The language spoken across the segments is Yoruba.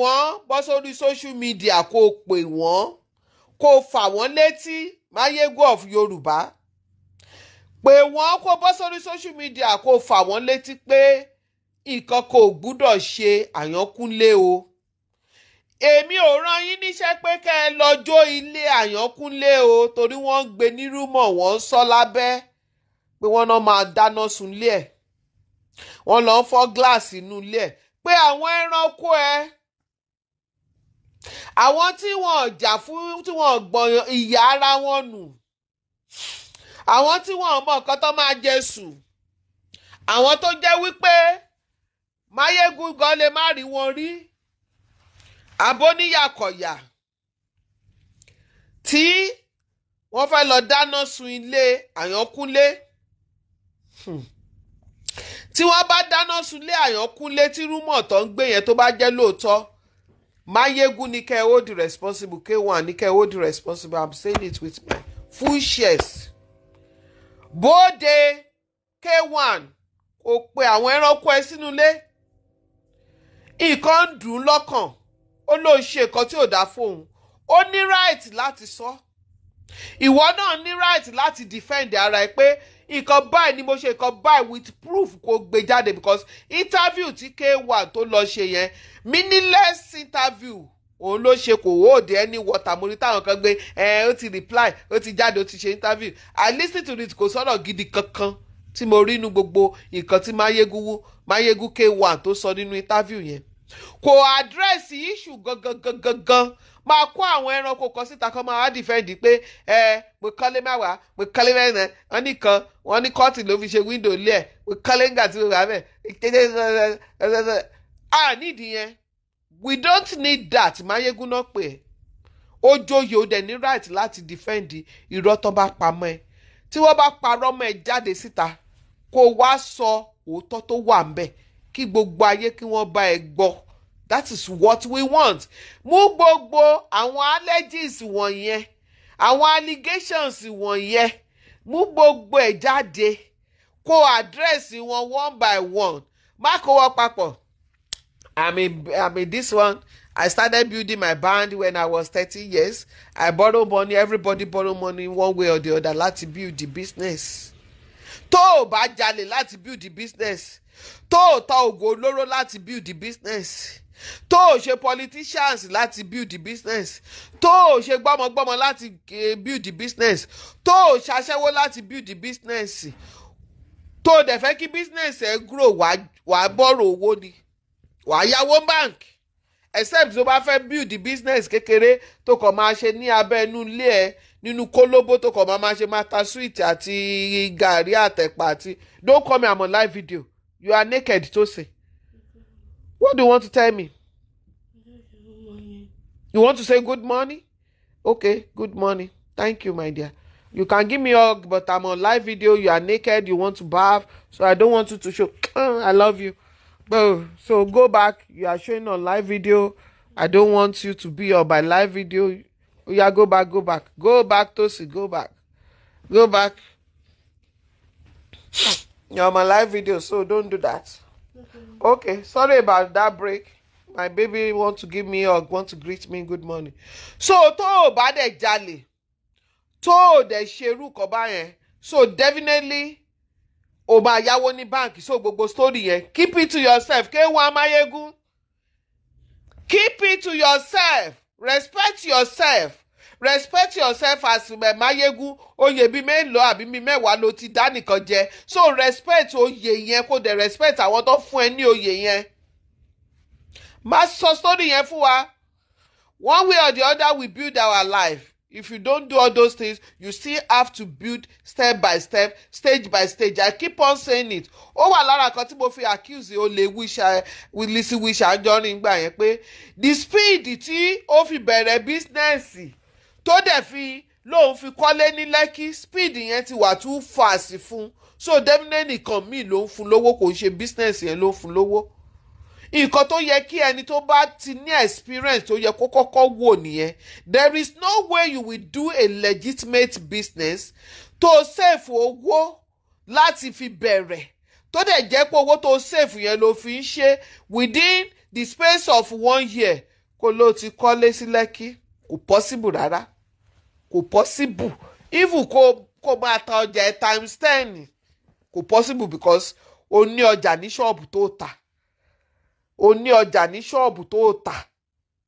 wọ́n bọ́ sórí social media kó o pè wọ́n kó o fà wọ́n létí Mayegun of Yorùbá pè wọ́n kó bọ́ sórí social media kó o fà wọ́n létí pé nǹkan kò gbúdọ̀ ṣe àyànkúnlé o èmi ò rán yín níṣẹ́ pé kẹ́ ẹ lọ jó ilé àyànkúnlé o torí wọ́n ń gbé nírúmọ̀ wọ́n ń sọ lábẹ́ pé wọ́n náà máa dáná sunlé ẹ̀ wọ́n lọ fọ́ gíláàsì inú ilé ẹ̀ pé àwọn ẹranko ẹ̀ àwọn tí wọ́n jà fún tí wọ́n gbọ̀yàn ìyá ara wọn nù àwọn tí wọ́n mọ nǹkan tó máa jẹ sùn àwọn tó jẹ́ wípé Máyégún gan lè má rí wọn rí abóníyàkọ̀yà tí wọ́n fẹ́ lọ dáná sun ilé Àyànkúnlé hmm. tí wọ́n bá dáná sun ilé Àyànkúnlé tí rúmọ̀ tó ń gbé yẹn tó bá jẹ́ lóòótọ́ mayegun ní kẹ́ ẹ hold responsible k1 ni ke ẹ hold responsible i'm saying it with my full shares bóde k1 kò pe àwọn ẹranko ẹ sínú ilé nǹkan ń dùn ún lọ́kàn ó lóun ṣe nǹkan tí ò dáa fóun ó ní right láti sọ ìwọ náà ní right láti defend ara ẹ pé nǹkan báyìí ni mo ṣe nǹkan báyìí with proof kò gbé jáde because interview tí k1 tó lọ ṣe yẹn meaningless interview òun ló ṣe kò wóòdì ẹni wọta mo ní táwọn kan gbé ẹ ó ti reply ó ti jáde ó ti ṣe interview i listen to it kò sọ̀rọ̀ gidi kankan tí mo rí inú gbogbo nǹkan tí mayegun mayegun k1 tó sọ nínú interview yẹn kò address issue gangan gangan gan máa kó àwọn ẹranko kan síta kan máa wá dìfẹ́ǹdì pé ẹ mo kọ́lé mẹ́wàá mo kọ́lé mẹ́rin wọ́n nìkan wọ́n ní kọ́ọ̀tì ló fi ṣe wíńdò lé ẹ̀ mo kọ́lé ńgà tí mo rà bẹ́ẹ̀ a nídìí yẹn we don't need that mayegun náà pè é ó jóye ó dẹ̀ ní right láti defend irọ́ tán bá pamọ́ ẹ tí wọ́n bá parọ́ mọ́ ẹ jáde síta kó wá sọ òótọ́ tó wà ń bẹ̀ kí gbogbo ayé kí wọ́n bá ẹ gbọ́ that is what we want mú gbogbo àwọn allergies wọ̀nyẹn àwọn allegations wọ̀nyẹn mú gbogbo ẹ̀ jáde kó àdírẹ́sì wọn one by one má kó wọn papọ̀ I mean, I mean, this one, I started building my band when I was 30 years. I borrow money, everybody borrow money one way or the other Let's build the business. Tó o bá jalè láti build the business. Tó o ta oògùn olóró láti build the business. Tó o ṣe politicians láti build the business. Tó o ṣe gbọ́mọgbọ́mọ láti eh, build the business. Tó o ṣaṣẹ́wó láti build the business. Tó o dẹ̀ fẹ́ kí business ẹ̀ grow wàá bọ́rọ̀ owó ni wàá yáwó bank except tó bá fẹ́ build the business kékeré tó kàn máa ṣe ní abẹ́ inú ilé ẹ̀ nínú kólóbó tó kàn máa máa ṣe máa ta sweet àti gàrí àtẹ̀pà àti don't call me I'm on live video you are naked tó sè what do you want to tell me you want to say good morning okay good morning thank you my dear you can give me hug but I'm on live video you are naked you want to bath so I don't want you to show I love you. But, so go back. You are showing on live video. I don't want you to be on my live video. Yeah, go back, go back. Go back, Tosi. Go back. Go back. You're on my live video, so don't do that. Okay, sorry about that break. My baby want to give me or want to greet me good morning. So to o jali, to jalè, tó o so definitely o máa yáwó ní báǹkì so gbogbo story yẹn keep it to yourself kéwọn amáyégún keep it to yourself respect yourself respect yourself as mayegun oyè bíi mélòó àbí bíi mẹ́wàá ló ti dá nìkan jẹ so respect oyè yẹn kó dẹ̀ respect àwọn tó fún ẹ ní oyè yẹn má sọ story yẹn fún wa one way or the other we build our life if you don't do all those things you still have to build step by step stage by stage i keep on saying it ó wà lára kan tí mo fi accuse olè wíṣà Lizzy Anjorin gbà yẹn pé the speed tí ó fi bẹ̀rẹ̀ bísínẹ́sì tó dẹ̀ fi lóun fi kọ́lé ní Lẹ́kì speed yẹn ti wà too fast fún so definitely nìkan míì ló ń fún lówó kò ń ṣe bísínẹ́sì yẹn ló ń fún lówó nǹkan tó yẹ kí ẹni tó bá ti ní experience tó yẹ kó kọ́kọ́ wò nìyẹn there is no way you will do a legitimate business tó sèfù owó láti fi bẹ̀rẹ̀ tó dẹ̀ jẹ́ pé owó tó sèfù yẹn ló fi ń ṣe within the space of one year kó ló ti kọ́lé sí lẹ́kí kò possible rárá kò possible even kó kó máa ta ọjà ẹ̀ times ten kò possible because o ní ọjà ní ṣọ́ọ̀bù tó ta o ní ọjà ní ṣọ́ọ̀bù tó o tà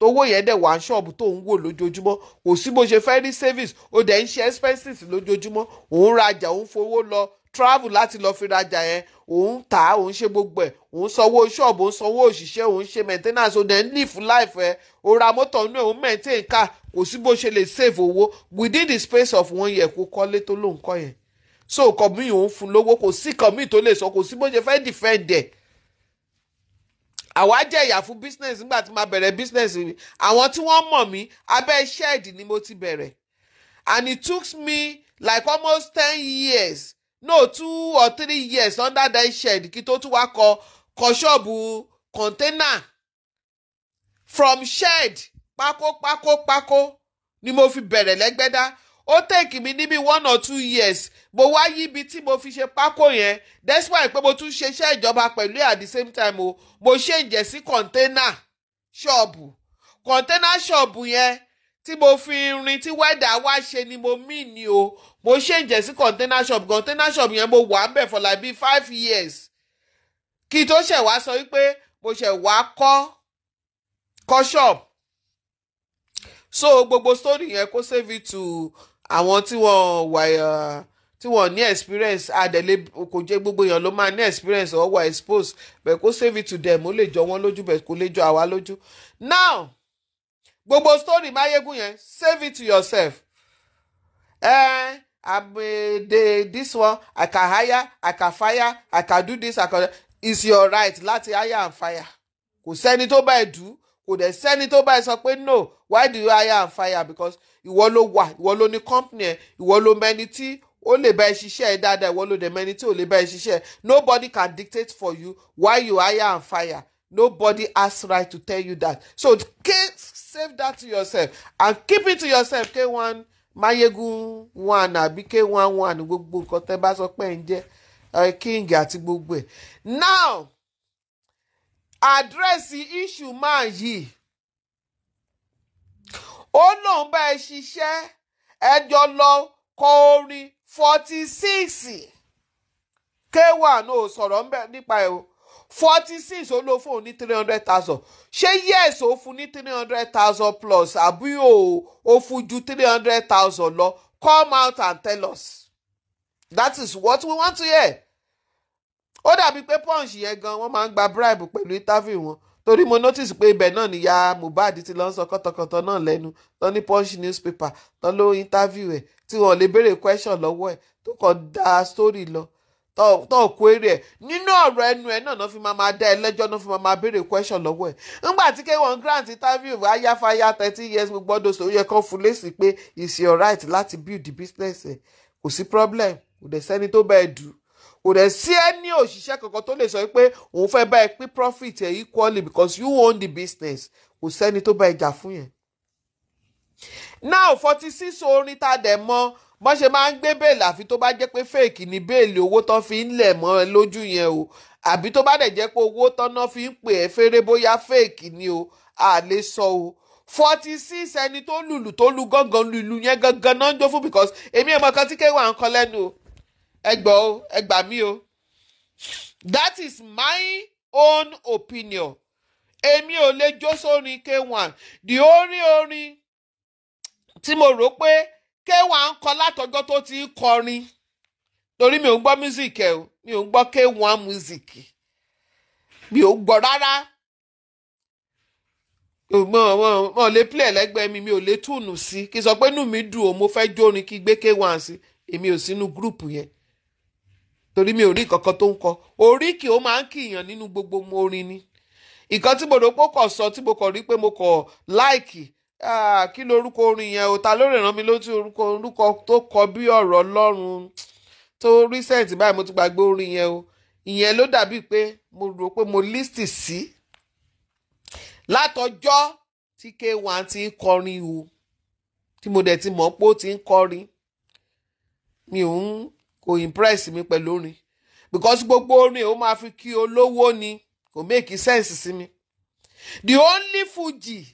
owó yẹn dẹ̀ wà ní ṣọ́ọ̀bù tó ń wò lójoojúmọ́ kò sí bó ṣe fẹ́ rí savings o dẹ̀ ń ṣe expenses lójoojúmọ́ òun rajà òun fowó lọ travel láti lọ fi rajà yẹn òun tà á òun ṣe gbogbo ẹ̀ òun sanwó ṣọ́ọ̀bù òun sanwó òṣìṣẹ́ òun ṣe maintenance òun dẹ̀ ń live life ẹ̀ o ra mọ́tò inú ẹ̀ òun maintain car kò sí bó ṣe lè save owó within the space of one year kó kọ́lé tó lóun kọ́ yẹn so nǹkan míì òun fún lówó kò sí nǹkan míì tó lè sọ kò sí bó ṣe fẹ́ defend ẹ̀ àwa jẹ ìyà fún business nígbà tí màá bẹ̀rẹ̀ business mi àwọn tí wọ́n mọ̀ mí abẹ́ shed ni mo ti bẹ̀rẹ̀ and it took me like almost ten years no two or three years under that shed kí tó tún wá kọ kọ ṣọ́ọ̀bù container from shed pákó pákó pákó ni mo fi bẹ̀rẹ̀ lẹ́gbẹ́dá ó tèkì mi níbi one or two years mo wá yíbi tí mo fi ṣe pákó yẹn despite pé mo tún ṣe iṣẹ́ ìjọba pẹ̀lú at the same time o mo ṣèǹjẹ̀ sí kọ̀ńténà ṣọ́ọ̀bù kọ̀ńténà ṣọ́ọ̀bù yẹn tí mo fi rin tí wẹ́dà wá ṣe ni mo mí ni o mo ṣèǹjẹ̀ sí kọ̀ńténà ṣọ́ọ̀bù kọ̀ńténà ṣọ́ọ̀bù yẹn mo wà ń bẹ̀ for like be five years kí tó ṣẹ̀ wá sọ wípé mo ṣẹ̀ wá kọ́ kọ́ ṣọ́ọ̀bù so gbogbo story yẹn kó save it to àwọn tí wọ́n wà eh, tí wọ́n ní experience àdẹ̀lé kò jẹ́ gbogbo èèyàn ló máa ní experience or wà exposed But kó save it to them ó lè jọ wọ́n lójú bẹ́ẹ̀ kó lè jọ àwa lójú. now gbogbo story mayegun yẹn save it to yourself. Eh, I'm, uh, the, this one I can hire I can fire I can do this I can Is your right láti hire and fire kò sẹ́ni tó bá ẹ̀ dùn kò dẹ̀ sẹ́ni tó báyìí sọ pé no why do you hire and fire because ìwọ ló wà ìwọ ló ní company ẹ ìwọ ló mẹni tí ó lè bá ẹ ṣiṣẹ́ ẹ dáadáa ìwọ ló dẹ̀ mẹni tí ò lè bá ẹ ṣiṣẹ́ nobody can dictate for you why you hire and fire nobody has right to tell you that so save that to yourself and keep it to yourself k1 mayegun one àbí k1 one gbogbo nǹkan tẹ́ bá sọ pé ń king àti gbogbo ẹ̀ now àdírẹ́sì iṣu máa yìí ó lóun bá ẹ ṣiṣẹ́ ẹjọ́ lọ kọ orin forty six k1 ò sọ̀rọ̀ nípa ẹ̀ o forty six ó lọ fóun ní three hundred thousand ṣé yes ó fún ní three hundred thousand plus àbí ò ó fún ju three hundred thousand lọ come out and tell us that is what we want to hear ó dàbí pé punch yẹn gan wọ́n máa ń gba bribe pẹ̀lú interview wọn torí mo notice pé ibẹ̀ náà níyà Mohbad ti lọ ń sọ kọ́tọ̀kọ́tọ̀ náà lẹ́nu tán ní punch newspaper tán ló interview ẹ̀ tí wọ́n lè béèrè question lọ́wọ́ ẹ̀ tó kàn dá story lọ tó kó èrè ẹ̀ nínú ọ̀rọ̀ ẹnu ẹ̀ náà náà fi máa dá ẹ lẹ́jọ́ náà fi máa béèrè question lọ́wọ́ ẹ̀ ńgbà tí k1 grant interview ayáfáyá thirty years gbogbo ọdọ sọ yẹ kán fún lésì pé it's your right láti build the business ẹ̀ kò sí problem kò dẹ̀ sẹ́ni tó bẹ́ẹ̀ dùn kò dẹ̀ sí ẹni òṣìṣẹ́ kankan tó lè sọ pé òun fẹ́ bá pín profit ẹ equally because you own the business kò sẹ́ni tó bá ẹ jà fún yẹn. now forty six orin tá a dẹ̀ mọ bó ṣe máa ń gbé bẹ́ẹ̀lì àfi tó bá jẹ́ pé fake ni bẹ́ẹ̀lì owó tán fi ń lẹ̀ mọ́ ẹ lójú yẹn o àbí tó bá dẹ̀ jẹ́ pé owó tán náà fi ń pè ẹ́ fẹ́rẹ́ bóyá fake ni o a lè sọ o forty six ẹni tó lùlù tó lu gángan lùlù yẹn gangan náà ń jó fún because èmi ẹ̀ mọ̀ kan tí kéwà ń kọ lẹ́nu o ẹgbọ́ o ẹgbà mí o that is my own opinion èmi ò lè jó sórin k1 the only orin tí mo rò pé k1 ń kọ látọjọ́ tó ti ń kọrin torí mi ò ń gbọ́ music ẹ o mi ò ń gbọ́ k1 music mi ò gbọ́ rárá mo mo mo lè play lẹ́gbẹ̀ẹ́ mi mi ò lè túnú sí kí n sọ pé inú mi dùn o mo fẹ́ jórin kí gbé k1 sí èmi ò sínú gúrùpù yẹn torí mi ò rí kankan tó ń kọ oríkì ó máa ń kìyàn nínú gbogbo orin ni ìkan tí mo rò pé ó kọ̀ sọ tí mo kọ̀ rí pé mo kọ̀ láìkì ah, kí ló orúkọ orin yẹn o ta ló lè rán mi lójú orúkọ orúkọ tó kọ bí ọ̀rọ̀ ọlọ́run tó recent báyìí mo ti gbàgbé orin yẹn o ìyẹn ló dàbí pé mo rò pé mo list sí látọjọ́ tí k1 ti ń kọrin o tí mo dẹ̀ ti mọ̀ pé ó ti ń kọrin mi ò ń kò impress mi pẹ̀lú orin because gbogbo orin ó máa fi kí olówó ni kò make sense sí mi the only fuji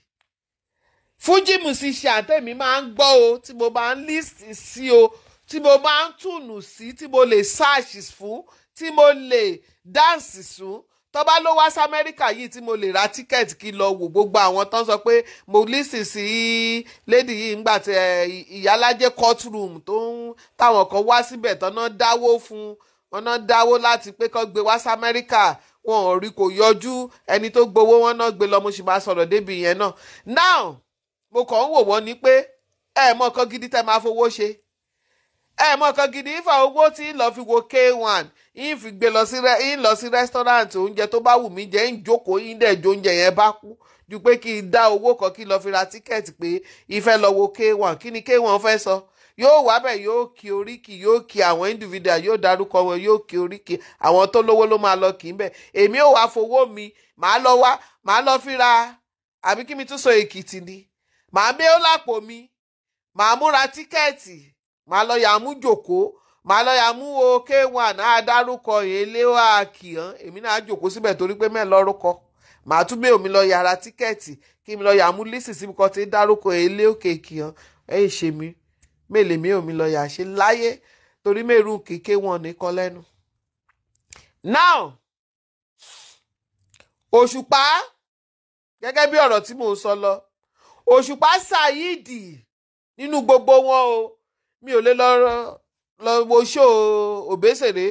fuji musician tèmi máa ń gbọ́ o tí mo máa ń list sí o tí mo máa ń tùnù sí tí mo lè search fún tí mo lè dance sùn tó bá ló wá sí amẹ́ríkà yìí tí mo lè ra tíkẹ́ẹ̀tì kí lọ wò gbogbo àwọn tó ń sọ pé mo lísì sí lady yìí ńgbà tí ìyálájẹ courtroom tó ń táwọn kan wá síbẹ̀ tọ́nà dáwó fún wọn náà dáwó láti pé kó gbé wá sí amẹ́ríkà wọn ò rí kò yọjú ẹni tó gbowó wọn náà gbé lọ mo sì máa sọ̀rọ̀ débi yẹn náà now mo kàn ń wò wọ́n ni pé ẹ mọ̀ kan gidi tẹ́ máa fowó ṣe ẹ mọ kan gidi ifá owó tí ń lọ fi wo k1 ń fi gbé lọ sí ń lọ sí rẹ́sítọ́ráǹtì oúnjẹ tó bá wù mí jẹ ń jókòó ń dẹ̀ jó oúnjẹ yẹn bá kú ju pé kí n dá owó kan kí n lọ fi ra tíkẹ́ẹ̀tì pé ìfẹ́ lọ wo k1 kí ni k1 fẹ́ sọ yóò wá bẹ̀ yóò kí oríkì yóò kí àwọn individual yóò dárúkọ wọn yóò kí oríkì àwọn tó lówó ló máa lọ kì í bẹ̀ èmi ò wá fowó mi màá lọ wá màá lọ fi ra àbí kí mi tún sọ èkìtì ni màá bẹ́ ó lápò mi màá múra tíkẹ́ẹ̀tì màá lọ yà mú jòkó màá lọ yà mú o k1 á dárúkọ eléwà kìhán èmi náà á jòkó síbẹ̀ torí pé mẹ́ẹ̀ lọ́rúkọ màá tún bẹ́ẹ̀ mi lọ yàrá tíkẹ́ẹ̀tì kí mi lọ yà mú lísì síbi kan tí dárúkọ elé òkè kìhán ẹ̀ ṣe mi mélèé mi ò mi lọ yà ṣe láyé torí mẹ́rù kéèké wọn nìkan lẹ́nu. now òṣùpá gẹ́gẹ́ bí ọ̀rọ̀ tí mò ń sọ lọ òṣùpá ṣàyídì nínú gbogbo wọn o mi ò lè lọ lọ wo ṣó òbésèré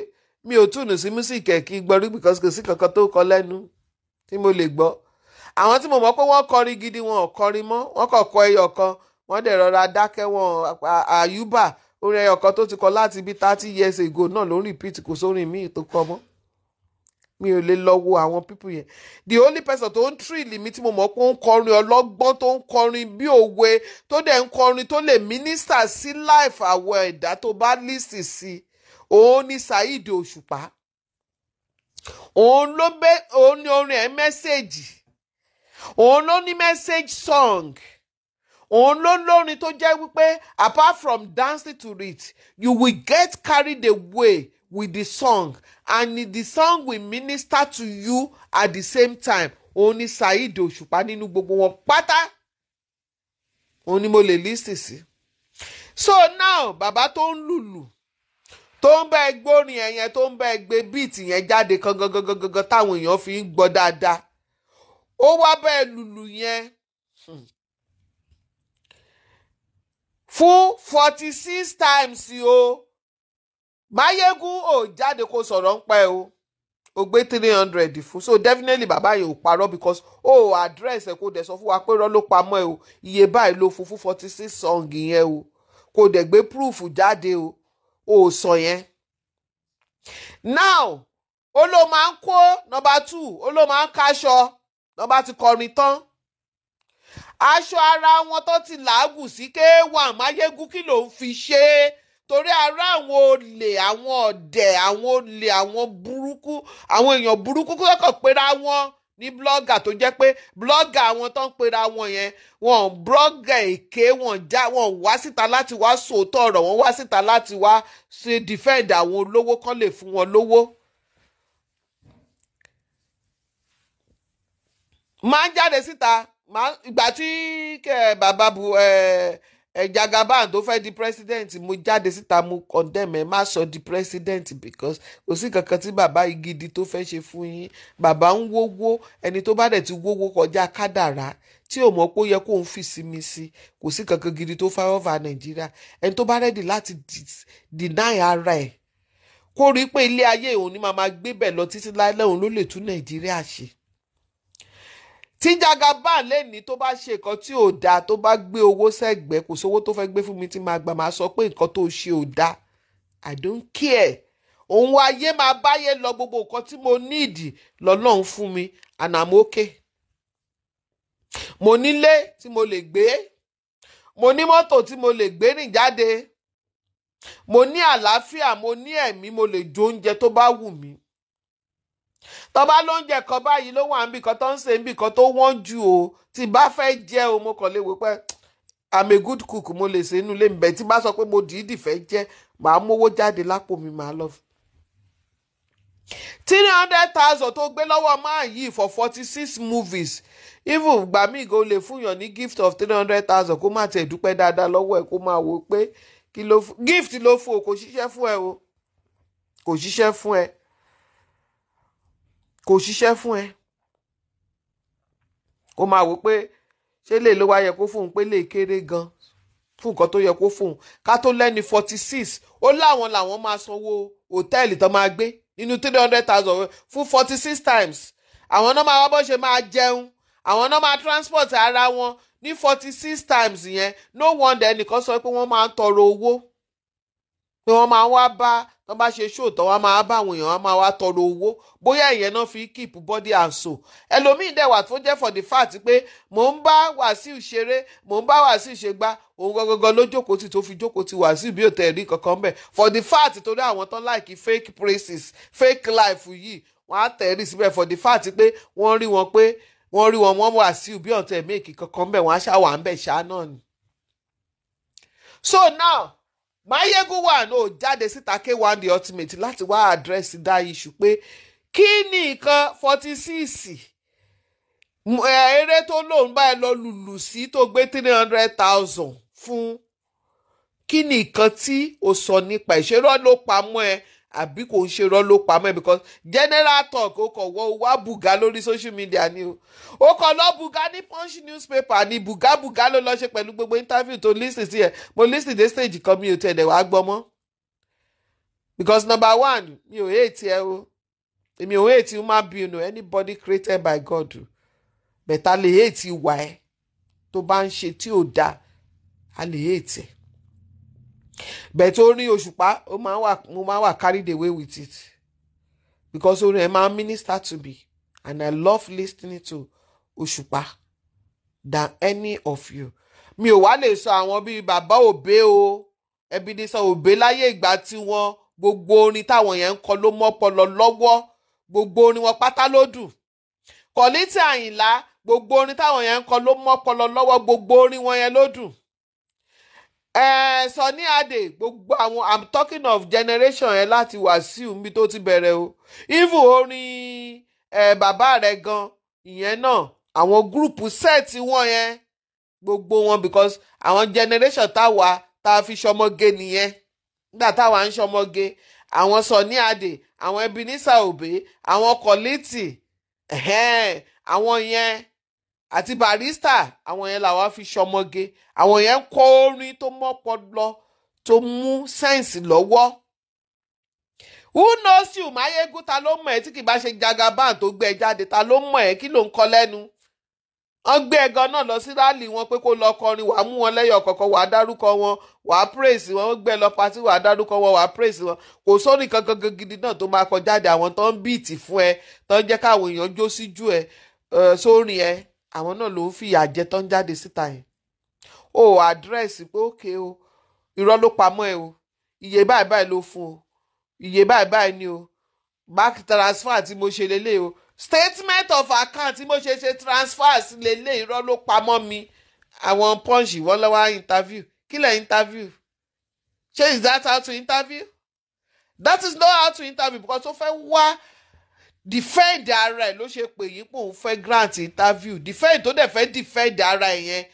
mi ò túnú sí mísíkì ẹ̀kí gbọ́rí because kò sí kankan tó kọ lẹ́nu tí mo lè gbọ́ àwọn tí mo mọ̀ pé wọ́n kọrin gidi wọn ò kọrin mọ́ wọ́n kàn kọ ẹyọ kan wọ́n dẹ̀ rọra dákẹ́ wọn àyùbá orin ẹyọ kan tó ti kọ láti bí thirty years ago náà ló ń repeat kò sórin míì tó kọ mọ́ mi ò lè lọ wo àwọn people yẹn the only person tó ń tírìlì mi tí mo mọ̀ pé ó ń kọrin ọlọ́gbọ́n tó ń kọrin bí òwe tó dẹ̀ ń kọrin tó lè mínísítà sí life àwọn ẹ̀dá tó bá lísì sí òun ni Saheed Òṣùpá òun ló bẹ òun ni orin ẹ̀ mẹ́sẹ̀gì òun ló ní message song òun ló lórin tó jẹ́ wípé apart from dancing to it you will get carried away with the song and the song will minister to you at the same time òun ni Saheed Òṣùpá nínú gbogbo wọn pátá òun mo lè lísì sí so now bàbá tó ń lùlù tó ń bá ẹgbẹ́ orin ẹ̀yẹn tó ń bá ẹgbẹ́ bíìtì yẹn jáde kan gangan gangan táwọn èèyàn fi ń gbọ́ dáadáa ó wá bẹ́ẹ̀ lùlù yẹn fún forty six times o Máyégún ò jáde kó sọ̀rọ̀ ń pẹ́ o o gbé three hundred fún so definitely bàbá yẹn ò parọ́ because o oh, address ẹ̀ kó dẹ̀ sọ fún wa pé rọ́ ló pamọ́ ẹ o iye báyìí ló fún fún forty six song yẹn o kó dẹ̀ gbé proof jáde o o sọ yẹn. now ó ló máa ń kó number two ó ló máa ń kaṣọ number ti kọrin tán aṣọ ara wọn tó ti làágùn sí kéwà Máyégún kí ló ń fi ṣe é torí ara àwọn olè àwọn ọ̀dẹ̀ àwọn olè àwọn burúkú àwọn èèyàn burúkú kọ́kọ́ pera wọn ní blọ́gà tó jẹ́ pé blọ́gà àwọn tó ń pera wọn yẹn wọn blọ́gà èké wọn já wọn wá síta láti wá sòótọ́ ọ̀rọ̀ wọn wá síta láti wá ṣe defend àwọn olówó kan lè fún wọn lówó. máa ń jáde síta ìgbà tí bàbá bu. Eh, ẹ Jagaban tó fẹ́ di president mo jáde síta mo condemn ẹ má sọ di president because kò sí kankan tí bàbá igidi tó fẹ́ ṣe fún yín bàbá ń wówó ẹni tó bá dẹ̀ ti wówó kọjá kádàrá tí ò mọ̀ pé ó yẹ kó ń fi sinmi sí kò sí kankan gidi tó fẹ́ ọ̀fà nàìjíríà ẹni tó bá rẹ́dì láti deny ara ẹ̀ kó rí i pé ilé ayé òun ni màá máa gbé bẹ̀ lọ títí láìlẹ́ ló lè tún nàìjíríà ṣe tí Jagaban lẹ́ni tó bá ṣe nǹkan tí ò dáa tó bá gbé owó sẹ́gbẹ̀ẹ́ kò sówó tó fẹ́ gbé fún mi tí màá gbà máa sọ pé nǹkan tó ṣe ò dáa I don't care òun ayé máa báyé lọ gbogbo nǹkan tí mo need lọ́lọ́run fún mi and I'm okay. mo nílé tí mo lè gbé mo ní mọ́tò tí mo lè gbé rìn jáde mo ní àlàáfíà mo ní ẹ̀mí mo lè jó oúnjẹ tó bá wù mí tọ́ba lóúnjẹ kan báyìí ló wà níbìkan tó ń ṣe níbìkan tó wọ́n ju o tí bá fẹ́ jẹ́ o mo kàn lè wò pé i'm a good cook mo lè ṣe inú ilé mi bẹ́ẹ̀ tí bá sọ pé mo dìídì fẹ́ jẹ́ màá mówó jáde lápò mi màá lọ. three hundred thousand tó gbé lọ́wọ́ máa yí for forty six movies even gbà mí ìgò lè fúnyàn ní gift of three hundred thousand kó má tiẹ̀ dúpẹ́ dáadáa lọ́wọ́ ẹ̀ kó máa wò pé gift ló fún o kò ṣiṣẹ́ fún ẹ o kò ṣiṣẹ́ fún ẹ kò ṣiṣẹ́ fún ẹ kó máa wò pé ṣé lè ló wá yẹ kó fóun pé lè kéré gan fún nǹkan tó yẹ kó fóun ká tó lẹ́ni forty six ó láwọn làwọn máa sanwó hòtẹ́ẹ̀lì tó máa gbé nínú three hundred thousand fún forty six times àwọn náà máa wá bó ṣe máa jẹun àwọn náà máa transport ara wọn ní forty six times yẹn no wonder ẹnìkan sọ pé wọ́n máa ń tọrọ owó pé wọ́n máa wá bá tó bá ṣe ṣó tó wá máa bá àwọn èèyàn wá máa wá tọrọ owó bóyá ìyẹn náà fi keep body and soul ẹlòmíín dẹ̀ wà tó jẹ́ for the fact pé mò ń bá Wàsíù ṣeré mò ń bá Wàsíù ṣe gbá òun gangan ló jókòó tì tó fi jókòó tì Wàsíù bí òtẹ̀ rí kankan bẹ̀ for the fact torí àwọn tán láìkí fake praises fake life yìí wọ́n á tẹ̀rí síbẹ̀ for the fact pé wọ́n rí wọn pé wọ́n rí wọn wọ́n Wàsíù bí òtẹ̀ méèkì kankan bẹ̀ wọ́n á ṣàwà ń bẹ̀ ṣá náà ni. so now mayegun wà náà jáde síta k one the ultimate láti wá àdírẹ́sì dá iṣu pé kí ni nǹkan forty six eré tó lóun báyìí lọ lùlù sí tó gbé three hundred thousand fún kí ni nǹkan tí o sọ nípa ìṣerọ́ ló pamọ́ ẹ àbí kò ń ṣe irọ́ ló pamọ́ ẹ̀ because general talk ó kàn wọ́ wá bùgá lórí social media ni o ó kàn lọ bùgá ní punch newspaper ni bùgá bùgá ló lọ ṣe pẹ̀lú gbogbo interview tó lísì sí ẹ̀ mo lísì dé stage kan mi ò tẹ̀lé wàá gbọ́ mọ́ because number one mi ò hate ẹ o èmi ò hate human being o anybody created by God bẹ̀tà lè hate ìwà ẹ tó bá ń ṣe tí ò dáa a lè hate ẹ bẹ́ẹ̀ tó rí òṣùpá mo máa wà carried away with it because orin ẹ̀ máa minister to me and I love listening to òṣùpá than any of you mi ò wá lè sọ àwọn bíi bàbá òbé o ẹbí ní sọ òbé láyé ìgbà tí wọn gbogbo orin táwọn yẹn ń kọ ló mọ́pọlọ lọ́wọ́ gbogbo orin wọn pátá ló dùn kọ̀lítì àyìnlá gbogbo orin táwọn yẹn ń kọ ló mọ́pọlọ lọ́wọ́ gbogbo orin wọn yẹn ló dùn ẹ Sunny Adé gbogbo àwọn i'm talking of generation ẹ láti Wàsíù níbi tó ti bẹ̀rẹ̀ o even orin ẹ bàbá rẹ̀ gan ìyẹn náà àwọn gúrùpù sẹ́ẹ̀tì wọn yẹn gbogbo wọn because àwọn generation táwa tá a fi ṣọmọge nìyẹn nígbà táwa ń ṣọmọge àwọn Sunny Adé àwọn Ebenezer Obey àwọn Kọ́lítì àwọn yẹn àti barista, àwọn yẹn làwa fi ṣọmọge àwọn yẹn ń kọ orin tó mọ́pọ̀ lọ tó mú sẹ́ǹsì lọ́wọ́ who knows you Mayegun ta ló mọ̀ ẹ́ tí kì bá ṣe Jagaban tó gbé ẹ jáde ta ló mọ̀ ẹ́ kí ló ń kọ lẹ́nu wọ́n gbé ẹgan náà lọ sí rálì wọn pé kó lọ kọrin wàá mú wọn lẹ́yọ̀ kọ̀ọ̀kan wàá dárúkọ wọn wàá praise wọn wọ́n gbé lọ pati wàá dárúkọ wọn wàá praise wọn kò sórí kankan gidi náà tó máa kọ jáde àwọn tó ń bíìtì fún ẹ tó ń jẹ́ káwọn èèyàn jó síjú ẹ sórin ẹ àwọn náà ló ń fi ìyà jẹ tó ń jáde síta yẹn o àdírẹ́sì pé ókè o irọ́ ló pamọ́ ẹ o iye báyìí báyìí ló fún o iye báyìí báyìí ni o bank transfer tí mo ṣe lélẹ̀ o statement of account tí mo ṣe ṣe transfer sí lélẹ̀ irọ́ ló pamọ́ mi àwọn punch wọ́n lọ́wọ́ interview kí lẹ̀ interview ṣé is that how to interview that is not how to interview because ó fẹ́ wá defend ara ẹ̀ ló ṣe pè yín pò ń fẹ́ grant interview defend tó dẹ̀ fẹ́ defend ara ẹ̀ yẹn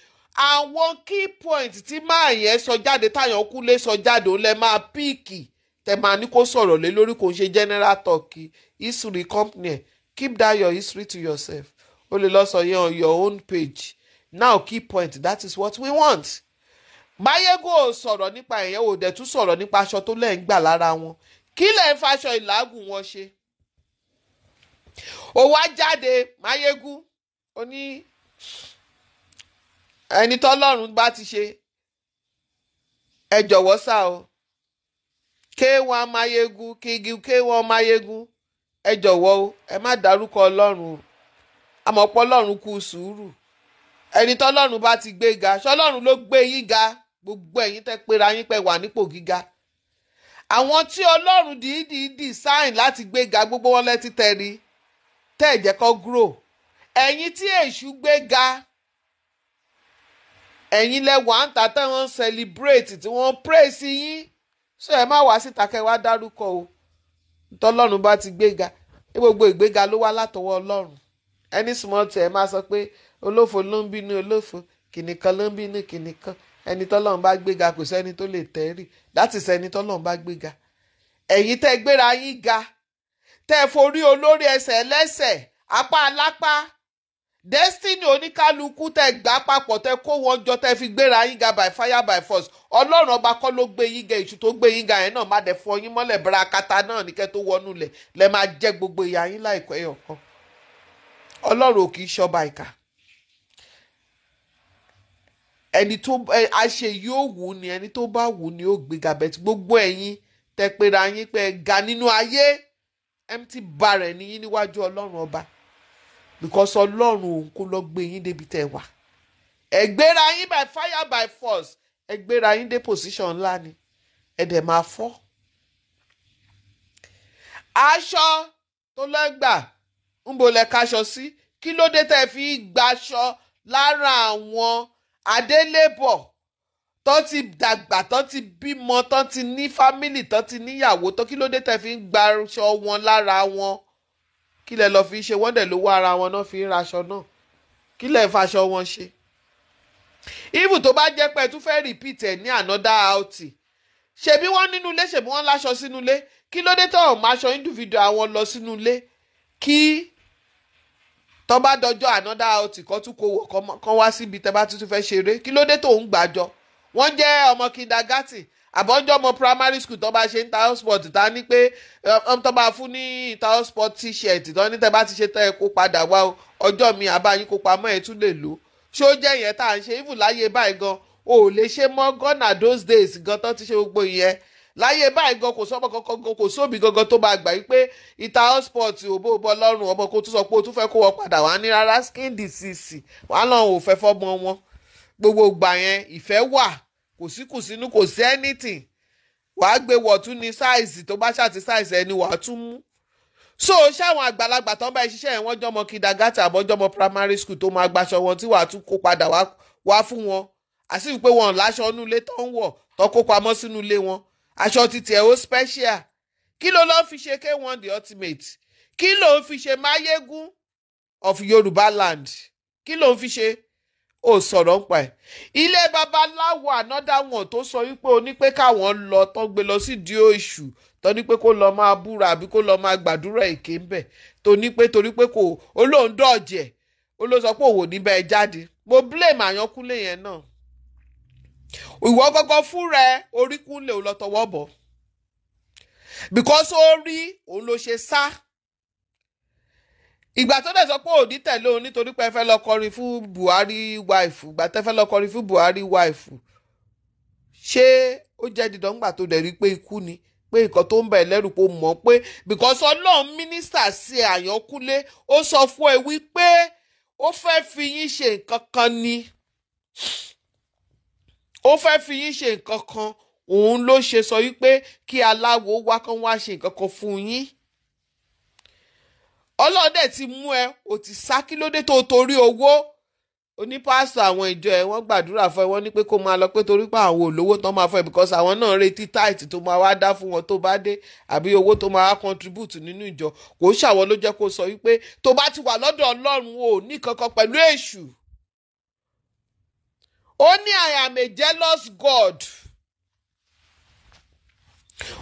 àwọn key point tí máa yẹn sọ jáde táyọ̀ kú lé sọ jáde ó lẹ máa píìkì tẹ máa ní kó sọ̀rọ̀ lé lórí kò ń ṣe general talk history company ẹ̀ keep that your history to yourself o lè lọ sọ yẹn on your own page now key point that is what we want. Máyégún ò sọ̀rọ̀ nípa ìyẹn ò dẹ̀ tún sọ̀rọ̀ nípa aṣọ tó lẹ́ ń gbà lára wọn kí lẹ́ ń faṣọ ìlágùn wọn ṣe ó wá jáde Máyégún ó ní ẹni tọ́lọ́run bá ti ṣe ẹ jọ̀wọ́ sá o K1 Máyégún kígi K1 Máyégún ẹ jọ̀wọ́ o ẹ má dárúkọ Ọlọ́run o àmọ̀pọ̀ Ọlọ́run kú sùúrù ẹni tọ́lọ́run bá ti gbé ga ṣọlọ́run ló gbé yín ga gbogbo ẹ̀yin tẹ́ pera yín pẹ́ wà nípò gíga àwọn tí ọlọ́run dìídì dì sáìn láti gbéga gbogbo wọn lẹ́tí tẹ̀rí tẹ́ ẹ̀ jẹ́ kó grow ẹ̀yin tí èṣù gbé ga ẹ̀yin lẹ́wà ń ta wọ́n ń celebrate tí wọ́n ń praise yín so ẹ má wá síta kẹ́ wá dárúkọ o tọ́lọ́run bá ti gbéga ní gbogbo ìgbéga ló wá látọwọ́ ọlọ́run ẹni small tí ẹ máa sọ pé olófo ló ń bínú olófo kìnìkan ló ń bínú kìnìkan ẹni tọ́lọ́run bá gbéga kò sẹ́ni tó lè tẹ́rì láti sẹ́ni tọ́lọ́run bá gbéga ẹ̀yin tẹ́ gbéra yín ga tẹ́ forí olórí ẹsẹ̀ lẹ́sẹ̀ apá alápá destiny oníkálukú tẹ́ gbà papọ̀ tẹ́ kó wọn jọ tẹ́ fi gbéra yín ga by fire by force ọlọ́run ọba kọ́ ló gbé yín ga èṣù tó gbé yín ga yẹn náà má dẹ̀ fọ yín mọ́lẹ̀ barakata náà ní kẹ́ tó wọnú lẹ̀ lẹ́ máa jẹ́ gbogbo ìyá yín láìpẹ́ ọ̀kan ọlọ́run ò kì í ṣọba ìkà ẹni tó àṣe yóò wù ni ẹni tó bá wù ni ó gbéga bẹ́ẹ̀ gbogbo ẹ̀yin tẹ́ pera yín pé ga nínú ayé empty barren ni yín níwájú ọlọ́run ọba because ọlọ́run òun kò lọ gbé yín débi tẹ́ wà ẹ gbéra yín by fire by force ẹ gbéra yín dé position ńlá ni ẹ dẹ̀ máa fọ́ aṣọ tó lọ́gbà ń bolẹ̀ kaṣọ sí kí ló dé tẹ́ fi gbaṣọ lára àwọn adélébọ̀ tán ti dàgbà tán ti bímọ tán ti ní fámìlì tán ti níyàwó tó kí ló dé tẹ́ fi ń gba aṣọ wọn lára wọn kí lẹ lọ fi ṣe wọ́n dẹ̀ lówó ara wọn náà fi ń raṣọ náà kí lẹ faṣọ wọn ṣe. even tó bá jẹ́ pé ẹ tún fẹ́ repeat ẹ̀ ní another outing ṣebí wọ́n nínú ilé ṣebí wọ́n láṣọ sínú ilé kí ló dé tọ̀hún máa ṣọ individual àwọn lọ sínú ilé kí tọ́ bá dọjọ́ another outing kan tún kó wọ̀ kan wá síbi tẹ́ bá tún fẹ́ ṣeré kí ló dé tọ̀hún gbàjọ wọ́n jẹ́ ọmọ kindergarten àbọ̀njọ́ ọmọ primary school tó bá ṣe ń ta sport ta ni pé um, tó bá fún ní ta sport t-shirt tó ní tẹ́ bá ti ṣe tẹ́ ẹ kó padà wá ọjọ́ mi àbáyín kó pamọ́ ẹ tún lè lò ṣó jẹ́ yẹn tá à ń ṣe even láyé báyìí gan o ò lè ṣe mọ́ gọ́nà those days gan tó ti ṣe gbogbo ìyẹn láyé báyìí gan kò sọ́mọ kankan gan kò sóbì gangan tó máa gbà yí pé ìta sport òbó bọ́ lọ́rùn ọmọ kó tún sọ pé o tún fẹ́ kó wọ padà wá ní rárá skin disease wàá lọ́run ò fẹ́ fọ́mọ wọn gbogbo ìgbà yẹn ìfẹ́ wà kò sí kùsínú kò sí anything wàá gbé wọ̀tún ní sáìsì tó bá ṣàti sáìsì ẹni wàá tún mú so ṣáwọn àgbàlagbà tó ń bá ṣiṣẹ́ ẹ̀ wọ́n jọmọ kindergarten àbọ̀jọmọ primary school tó máa gbaṣọ wọn tí wàá tún kó padà wá fún wọn àsìkò pé wọn láṣọ inú ilé tó ń wọ̀ tó kó pamọ́ sínú ilé wọn aṣọ títí ẹ̀ ó special kí ló lọ́ fi ṣe k1 the ultimate kí ló fi ṣe máyégún of yorùbá land kí ló fi ṣe ò sọ̀rọ̀ ń pa ẹ̀ ilé babaláwo ànádà wọn tó sọ wípé o ní pé káwọn lọ tó gbé lọ sí di oṣù tó ní pé kó lọ máa búra àbí kó lọ máa gbàdúrà èké ń bẹ̀ tó ní pé torí pé kò olóhùn dọ̀jẹ̀ ó ló sọ pé òwò níbẹ̀ jáde mo blame àyànkúnlé yẹn náà ìwọ gọgọ fúnra ẹ orí kúnlẹ̀ ò lọ tọwọ́ bọ̀ because ó rí òun ló ṣe sá ìgbà tó dẹ̀ sọ pé òní tẹ̀lé òun nítorí pé ẹ fẹ́ lọ kọrin fún Buhari wáìfù ìgbà tẹ́ fẹ́ lọ kọrin fún Buhari wáìfù ṣé ó jẹ́ dídọ́ngbà tó dẹ̀ rí pé ikú ni pé nǹkan tó ń bẹ̀ lẹ́rù kó mọ̀ pé because ọlọ́run mínísítà ṣe àyànkúlé ó sọ fún ẹ wípé ó fẹ́ fi yín ṣe nǹkan kan ni ó fẹ́ fi yín ṣe nǹkan kan òun ló ṣe sọ wípé kí aláwo wá wá ṣe nǹkan kan fún yín ọlọ́dẹ ti mú ẹ ò ti sá kí ló tó torí owó onípásítọ̀ àwọn ìjọ ẹ wọ́n gbàdúrà fún ẹ wọ́n ní pé kó máa lọ pé torí pé àwọn olówó tán máa fún ẹ because àwọn náà retí táìtì tó máa wá dá fún wọn tó bá dé àbí owó tó máa wá contribute nínú ìjọ kò ṣàwọn ló jẹ́ kó sọ wípé tó bá ti wà lọ́dọ̀ ọlọ́run o ní kankan pẹ̀lú èṣù ó ní I am a jealous God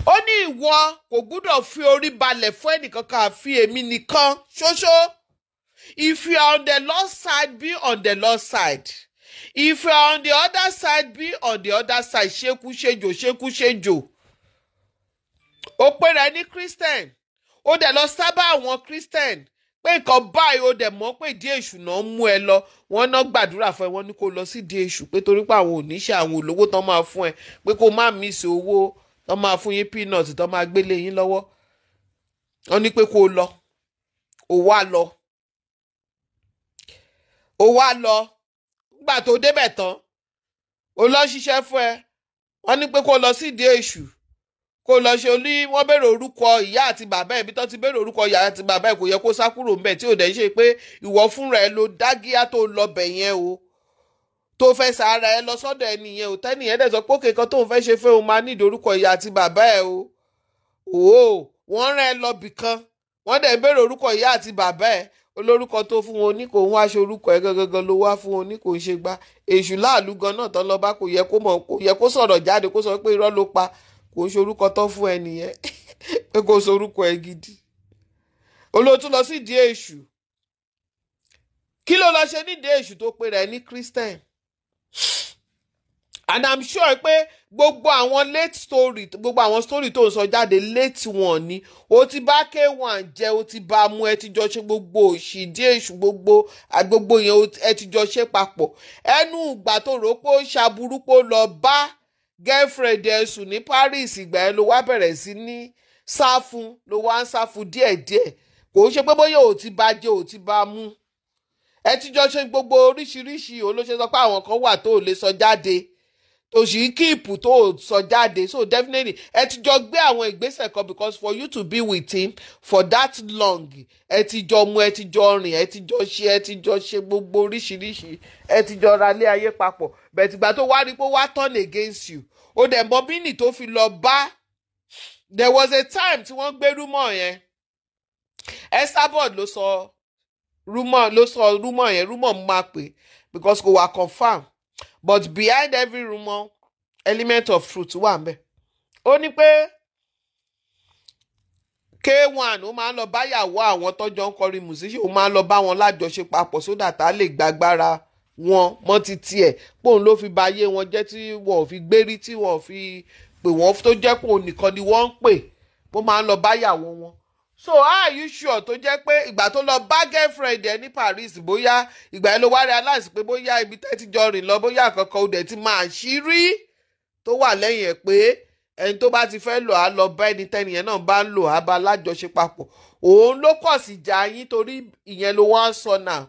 ó ní ìwọ kò gbúdọ̀ fi orí balẹ̀ fún ẹnìkankan àfi èmi nìkan ṣoṣo if you are on the lost side be on the lost side if you are on the other side be on the other side ṣekú ṣejò ṣekú ṣejò ó pé rẹ ní Christian ó dẹ̀ lọ sábà àwọn Christian pé nǹkan báyìí ó dẹ̀ mọ̀ pé ìdí èṣù náà mú ẹ lọ wọ́n náà gbàdúrà fún ẹ wọ́n ní kó lọ sí ìdí èṣù pé torí pé àwọn oníṣẹ́ àwọn olówó tán máa fún ẹ pé kó má mísì owó tó máa fún yín peanut tó máa gbélé yín lọ́wọ́ wọ́n ní pé kó o lọ o wá lọ o wá lọ nígbà tó débẹ̀ tán o lọ ṣiṣẹ́ fún ẹ wọ́n ní pé kó o lọ sídìí èṣù kó o lọ ṣe olú wọ́n béèrè orúkọ ìyá àti bàbá ẹ̀ bí tó ti béèrè orúkọ ìyá àti bàbá ẹ̀ kò yẹ kó sá kúrò ńbẹ̀ tí ò dẹ̀ ṣe pé ìwọ fúnra ẹ ló dágíá tó lọ bẹ̀ o tó fẹ́ sàárà ẹ lọ sọ́dọ̀ ẹnìyẹn ò tẹ́nìyẹn dẹ̀ sọ pé òkè kan tóun fẹ́ ṣe fún òun máa ní ìdórúkọ ìyá àti bàbá ẹ o òwò wọ́n rán ẹ lọ bìkan wọ́n dẹ̀ ń béèrè orúkọ ìyá àti bàbá ẹ olórúkọ tó fún wọn ní kò ń wáṣọ orúkọ ẹ gangan ló wá fún wọn ní kò ń ṣe gbá èṣù láàlú gan náà tán lọ kò yẹ kó mọ̀ kò yẹ kó sọ̀rọ̀ jáde kó sọ pé irọ́ ló pa kò ń ṣe orúkọ tán fún ẹ nìyẹn pé kò sọ orúkọ ẹ gidi olóòtú lọ sí ìdí èṣù kí ló lọ ṣe nídìí èṣù tó pe rẹ̀ ní Christian and i'm sure pé gbogbo àwọn late story gbogbo àwọn story tó ń sọ jáde late wọn ni o ti bá k1 jẹ o ti bá mú ẹ ti jọ ṣe gbogbo òṣìdí èṣù gbogbo gbogbo yẹn ẹ ti jọ ṣe papọ̀ ẹnu ìgbà tó rò pé ó ṣàbùrú pé ó lọ bá girlfriend ẹ ní Paris ìgbà yẹn ló wá bẹ̀rẹ̀ sí ní sá fún ló wá ń sá fún díẹ̀díẹ̀ kò ṣe pé bóyá ò ti bá jẹ ò ti bá mú ẹ ṣe gbogbo oríṣiríṣi olóṣèlú àwọn kan wà tó lè sọ jáde tó keep ń kíìpù tó sọ jáde so definitely ẹ ti jọ gbé àwọn ìgbésẹ̀ kan because for you to be with him for that long ẹ ti jọ mu ẹ ti jọ rìn ẹ ti jọ ṣe ẹ ti jọ ṣe gbogbo oríṣiríṣi ẹ ti jọ ra lé ayé papọ̀ bẹ̀tìgbà tó wá rí pé wá turn against you ó dẹ̀ mọ bíní tó fi lọ bá there was a time tí wọ́n gbé rúmọ̀ yẹn Esabod ló sọ rúmọ̀ ló sọ rúmọ̀ yẹn rúmọ̀ máa pè because kò wá confam but behind every rumor, element of truth wà ń bẹ̀ ó ní pé k1 ó máa ń lọ báyàwó àwọn tọ́jọ́ ń kọrin musician ó máa ń lọ bá wọn lájọṣe papọ̀ sódà tá a lè gbàgbára wọn mọ́ ti tiẹ̀ póun ló fi ba ayé wọn jẹ́ tí wọn fi gbérí tí wọn ò fi pè wọ́n tó jẹ́ póun nìkan ni wọ́n ń pè bó máa ń lọ báyàwó wọn so are you sure tó jẹ́ pé ìgbà tó lọ bá girlfriend ẹ ní Paris bóyá ìgbà ẹ ló wá realize pé bóyá ibi tẹ́tí jọ rìn lọ bóyá àkọ́kọ́ ó dẹ̀ ti máa ṣí rí tó wà lẹ́yìn ẹ̀ pé ẹni tó bá ti fẹ́ lò á lọ bá ẹni tẹ́ni yẹn náà bá ń lò á bá lájọṣe papọ̀ òun ló kọ̀ sí ìjà yín torí ìyẹn ló wá ń sọ náà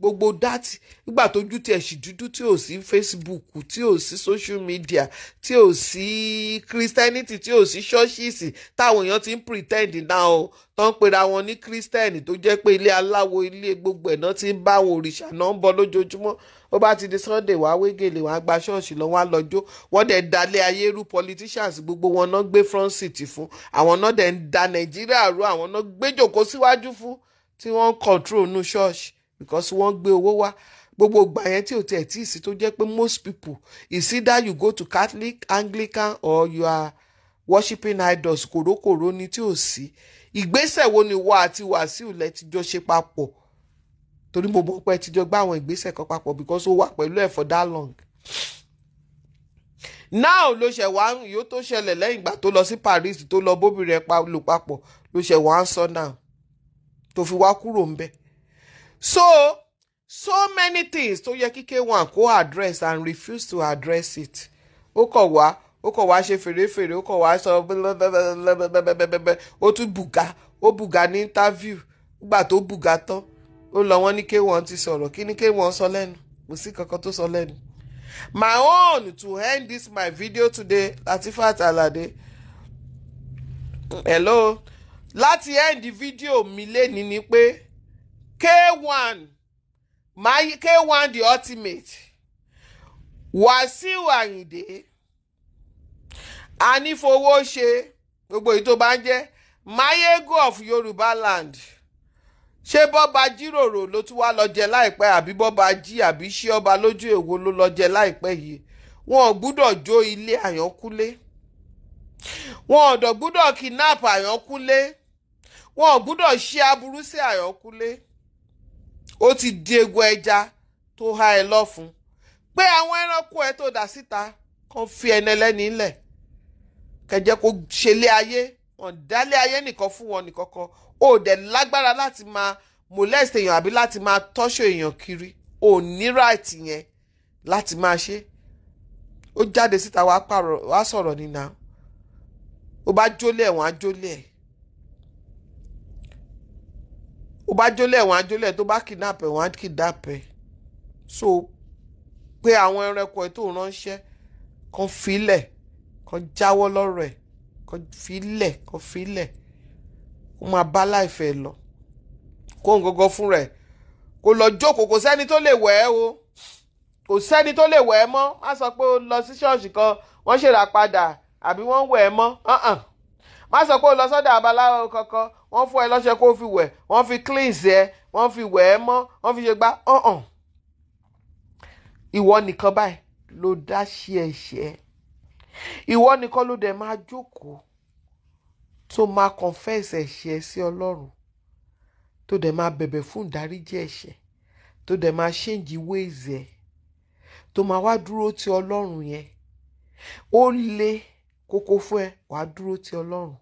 gbogbo dátì nígbà tójú tiẹ̀ sì dúdú tí ò sí facebook tí ò sí social media tí ò sí christianity tí ò sí ṣọ́ọ̀ṣìsì táwọn èèyàn ti ń pretend now tó ń pera wọn ní christian tó jẹ́ pé ilé aláwo ilé gbogbo ẹ̀ náà ti ń bá àwọn òrìṣà náà ń bọ lójoojúmọ́ ó bá ti di sunday wàá wé gèlè wàá gba ṣọ́ọ̀ṣì lọ wá lọ́jọ́ wọ́n dẹ̀ dalẹ̀ ayé rú politicians gbogbo wọn náà gbé front seat fún àwọn náà dẹ̀ ń da nàìjíríà rú àwọn náà gbé jòkó síwájú fún tí wọ́n ń control nu ṣọ́ọ̀ṣì because wọ́n gbé owó wá gbogbo ìgbà yẹn tí ò tiẹ̀ tí ì sí tó jẹ́ pé most people is either you go to Catholic Anglican or you are worshiping idols kòrókòró ni tí ò sí ìgbésẹ̀ wo ni wọ́n àti Wàsíù lẹ́tijọ́ ṣe papọ̀ torí mo mọ̀ pé ẹ ti jọ gbá àwọn ìgbésẹ̀ kan papọ̀ because ó wà pẹ̀lú ẹ̀ for that long now ló ṣe wá yóò tó ṣẹlẹ̀ lẹ́yìn ìgbà tó lọ sí Paris tó lọ bóbi rẹ̀ lò papọ̀ ló ṣe wá ń sọ náà tó fi wá kúrò ń bẹ̀ so so many things tó yẹ kí k1 kó address and refuse to address it ó kọ̀ wá ó kọ̀ wá ṣe fèrèfèrè ó kọ̀ wá sọ bẹ́ẹ̀bẹ́ẹ̀bẹ́ẹ̀bẹ́ẹ̀bẹ́ẹ̀ ó tún bùgà ó bùgà ní interview gbà tó bùgà tán ó lọ wọ́n ní k1 ti sọ̀rọ̀ kí ni k1 sọ lẹ́nu kò sí kankan tó sọ lẹ́nu. my own to end this my video today Latifat Alade hello Lati end the video mi lẹ́ni ni pé. K1 my K1 the ultimate Wasiu Ayinde Anifowose gbogbo èyí tó bá ń jẹ́ mayego of Yorùbá land ṣé bọ́ba jíròrò ló tún wá lọ jẹ láìpẹ́ àbí bọ́ba jí àbí ṣé ọba lójú èwo ló lọ jẹ láìpẹ́ yìí wọn ò gbúdọ̀ jó ilé àyànkúlé wọn ò dọ̀ gbúdọ̀ kidnap àyànkúlé wọn ò gbúdọ̀ ṣe aburú sí àyànkúlé. ó ti di egun ẹja tó há ẹ lọ́fun pé àwọn ẹranko ẹ tó dà síta kan fi ẹni ẹlẹ́ni ńlẹ̀ kẹjẹ kó ṣẹlé ayé wọn dálé ayé nìkan fún wọn nìkan kan ó dẹ̀ lágbára láti máa molest èèyàn àbí láti máa tọ́ṣọ èèyàn kiri ò ní ráìtì yẹn láti máa ṣe ó jáde síta wàá sọ̀rọ̀ nínú ó bá jólé ẹ̀ wọ́n á jólé ẹ̀ ó bá jólẹ̀ ẹ̀wọ̀n ajólẹ̀ tó bá kidnap ẹ̀wọ̀n á kidnap ẹ̀ so pé àwọn ẹranko ẹ̀ tó ránṣẹ́ kan filẹ̀ kan jáwọ́ lọ́rọ̀ ẹ̀ kan filẹ̀ kan filẹ̀ ó máa bá láìfẹ́ lọ kó ń gọ́gọ́ fúnra ẹ̀ kò lọ jókòó kò sẹ́ni tó lè wẹ̀ ẹ́ o kò sẹ́ni tó lè wẹ̀ ẹ́ mọ́ á sọ pé ó lọ sí ṣọ́ọ̀ṣì kan wọ́n ṣèrà padà àbí wọ́n wẹ̀ ẹ́ mọ́ má sọ pé o lọ sọ́dọ̀ abaláwo kankan wọ́n fún ẹ lọ́ṣẹ kó fi wẹ̀ wọ́n fi cleanse ẹ wọ́n fi wẹ̀ ẹ mọ́ wọ́n fi ṣe gbá ọ̀hàn ìwọ nìkan báyìí ló dá sí ẹ̀ṣẹ̀ ìwọ nìkan ló dẹ̀ máa jókòó tó máa confess ẹ̀ṣẹ̀ sí ọlọ́run tó dẹ̀ máa bẹ̀bẹ̀ fún ìdáríjì ẹ̀ṣẹ̀ tó dẹ̀ máa ṣéǹjì ways tó máa wá dúró ti ọlọ́run yẹn ó le kókó fún ẹ wàá dúró ti ọlọ́run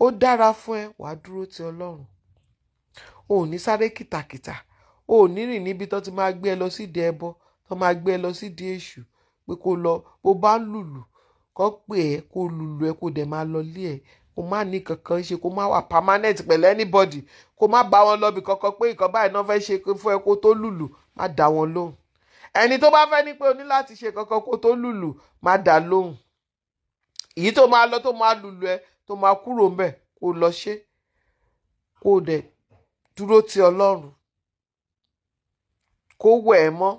ó dára fún ẹ wàá dúró ti ọlọ́run o ò ní sáré kìtàkìtà o ò ní rìn níbi tó ti máa gbé ẹ lọ sídìí ẹbọ tó máa gbé ẹ lọ sídìí èṣù pé kó lọ bó bá ń lùlù kó pè ẹ kó lùlù ẹ kó dẹ̀ máa lọ lé ẹ kó má ní kankan ṣe kó má wà permanent pẹ̀lú anybody kó má bá wọn lọ́bi kankan pé ìkan báyìí náà fẹ́ ṣe fún ẹ kó tó lùlù má dá wọn lóhùn ẹni tó bá fẹ́ ní pé o ní láti ṣe kankan kó tó lùlù má dá lóhùn èyí tó máa lọ tó máa lùlù ẹ tó máa kúrò ńbẹ kó lọ ṣe kó dẹ̀ dúró ti Ọlọ́run kó wẹ̀ ẹ́ mọ́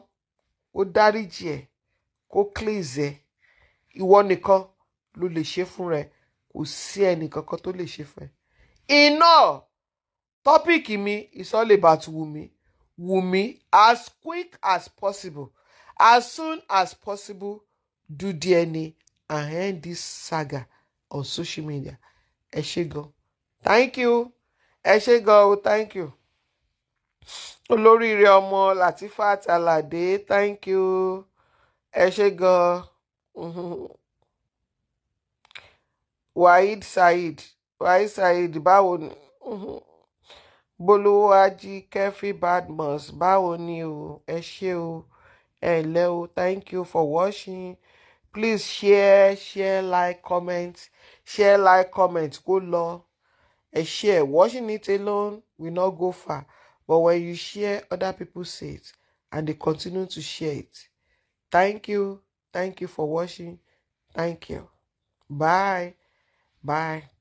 kó dáríjì ẹ kó cleanse ẹ ìwọ nìkan ló lè ṣe fún rẹ kò sí ẹnìkankan tó lè ṣe fún ẹ iná tọ́píìkì mi is all about Wumi Wumi as quick as possible as soon as possible do DNA and end this saga on social media ẹ ṣé thank you ẹ ṣé thank you olóríire ọmọ Latifat Alade thank you ẹ ṣé gan Waheed Said. Waheed Saheed báwo ni Bolúwó Ají Kẹ́fí Badmus báwo ni o ẹ ṣé o ẹ ǹlẹ́ o thank you for watching please share share like comment share like comment kó law, ẹ share watching it alone will not go far but when you share other people see it and they continue to share it thank you thank you for watching thank you bye bye.